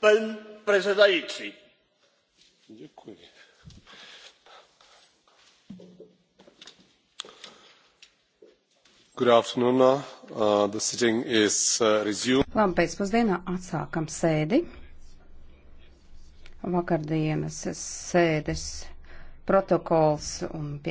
pan předsedající labu pēcpusdienu atsākam sēdi vakardienas sēdes protokols un pieņemtais lēmums